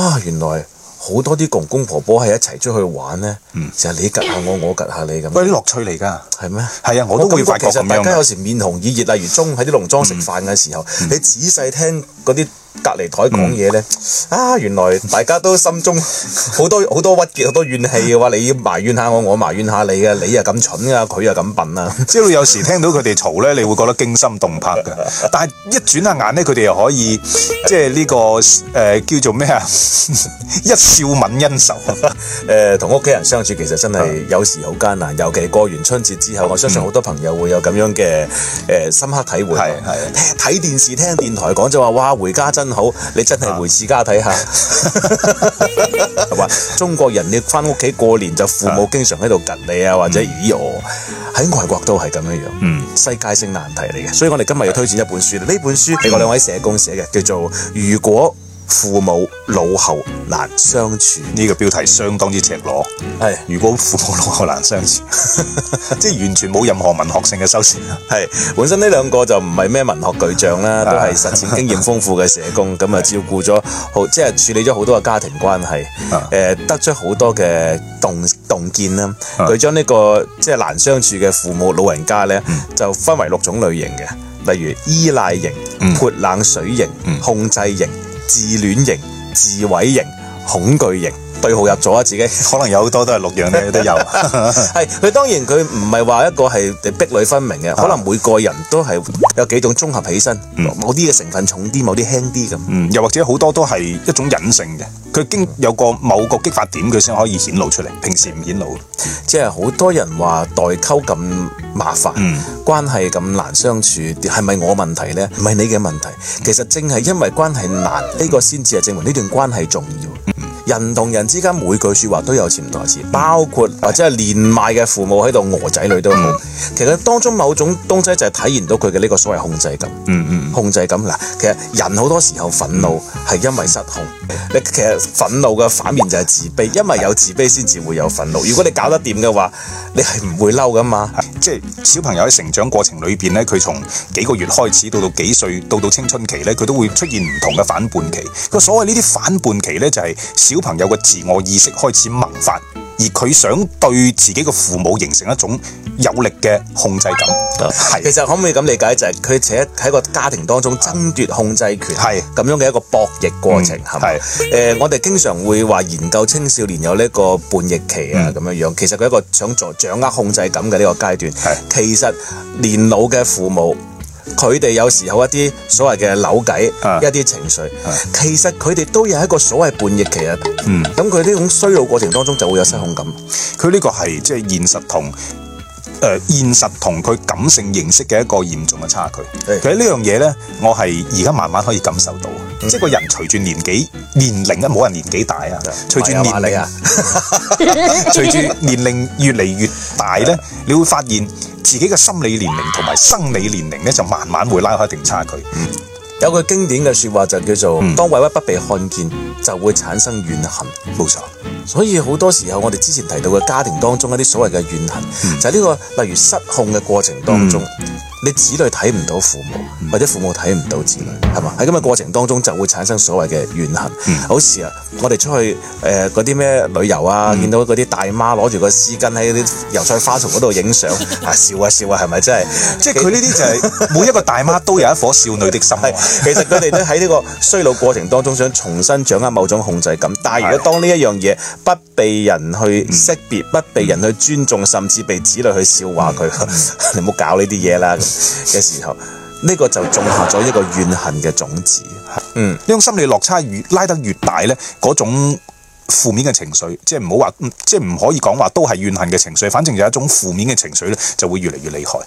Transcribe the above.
啊、哦，原來好多啲公公婆婆係一齊出去玩呢。就係你及下我，我及下你咁。喂，啲樂趣嚟㗎，係咩？係啊，我都我會發覺，其實大家有時面紅耳熱，例如中午喺啲農莊食飯嘅時候，嗯、你仔細聽嗰啲隔離台講嘢呢？嗯、啊，原來大家都心中好多好 多鬱結好多怨氣嘅話，你埋怨下我，我埋怨下你嘅，你又咁蠢啊，佢又咁笨啊，即係你有時聽到佢哋嘈呢， 你會覺得驚心動魄嘅，但係一轉下眼呢，佢哋又可以即係、這、呢個誒、呃、叫做咩啊？一笑泯恩仇。誒、 呃，同屋企人相處其實真係有時好艱難，的尤其過完春節之後，嗯、我相信好多朋友會有咁樣嘅誒深刻體會。睇的電視聽電台講就話哇，回家。真好，你真係回次家睇下，係 中國人你翻屋企過年，就父母經常喺度及你啊，或者耳語喺外國都係咁樣樣，嗯，世界性難題嚟嘅。所以我哋今日要推薦一本書，呢本書係我兩位社工寫嘅，叫做《如果》。父母老後難相處，呢個標題相當之赤裸，係是如果父母老後難相處，即 係完全冇任何文學性嘅修辭。係本身呢兩個就唔係咩文學巨匠啦，都係實踐經驗豐富嘅社工，咁啊 照顧咗好，即係處理咗好多嘅家庭關係，誒、呃，得出好多嘅洞洞見啦。佢將呢個即係難相處嘅父母老人家呢，嗯、就分為六種類型嘅，例如依賴型、潑冷水型、水型、控制型。自戀型、自毀型、恐懼型。對號入座啊！自己可能有好多都係六樣嘢都 也有，係 佢，當然佢唔係話一個係你壁壘分明嘅，啊、可能每個人都係有幾種綜合起身，嗯、某啲嘅成分重啲，某啲輕啲咁，又或者好多都係一種隱性嘅，佢經有個某個激發點，佢先可以顯露出嚟，平時唔顯露。嗯、即係好多人話代溝咁麻煩，嗯、關係咁難相處，係咪我問題呢？唔係你嘅問題，嗯、其實正係因為關係難呢個先至係證明呢段關係重要。嗯嗯人同人之間每句説話都有潛台詞，包括或者係連埋嘅父母喺度餓仔女都好。其實當中某種東西就係體現到佢嘅呢個所謂控制感。嗯嗯，控制感嗱，其實人好多時候憤怒係因為失控。你其實憤怒嘅反面就係自卑，因為有自卑先至會有憤怒。如果你搞得掂嘅話，你係唔會嬲㗎嘛。即係小朋友喺成長過程裏邊咧，佢從幾個月開始到到幾歲，到到青春期咧，佢都會出現唔同嘅反叛期。個所謂呢啲反叛期咧，就係小朋友嘅自我意識開始萌發。而佢想對自己嘅父母形成一種有力嘅控制感，係、嗯、是其實可唔可以咁理解，就係佢喺喺個家庭當中爭奪控制權，係咁樣嘅一個博弈過程，係咪是？誒吧、嗯呃，我哋經常會話研究青少年有呢個叛逆期啊，咁樣、嗯、樣，其實佢一個想做掌握控制感嘅呢個階段，係是其實年老嘅父母。佢哋有時候一啲所謂嘅扭計，嗯、一啲情緒，嗯、其實佢哋都有一個所謂叛逆期啊。咁佢呢種衰老過程當中就會有失控感。佢呢個係即係現實同誒、呃、現實同佢感性認識嘅一個嚴重嘅差距。是其實呢樣嘢呢，我係而家慢慢可以感受到。嗯、即係個人隨住年紀年齡、嗯、你啊，冇 人年紀大啊，隨住年齡，隨住年齡越嚟越大呢，嗯、你會發現自己嘅心理年齡同埋生理年齡呢，就慢慢會拉開一定差距。嗯、有個經典嘅說話就叫做：嗯、當委屈不被看見，就會產生怨恨。冇錯，所以好多時候我哋之前提到嘅家庭當中一啲所謂嘅怨恨，嗯、就係呢個例如失控嘅過程當中。嗯你子女睇唔到父母，或者父母睇唔到子女，係嘛？喺咁嘅過程當中就會產生所謂嘅怨恨。嗯、好似啊，我哋出去誒嗰啲咩旅遊啊，嗯、見到嗰啲大媽攞住個絲巾喺啲油菜花叢嗰度影相啊，笑啊笑啊，笑啊，係咪真係？即係佢呢啲就係每一個大媽都有一顆少女的心，啊。 其實佢哋都喺呢個衰老過程當中想重新掌握某種控制感，但係如果當呢一樣嘢不被人去識別，嗯、不被人去尊重，嗯、甚至被子女去笑話佢，嗯、 你唔好搞呢啲嘢啦。嘅 時候，呢、呢個就種下咗一個怨恨嘅種子。嗯，呢種心理落差越拉得越大呢，嗰種負面嘅情緒，即係唔好話，即係唔可以講話都係怨恨嘅情緒，反正有一種負面嘅情緒呢就會越嚟越厲害。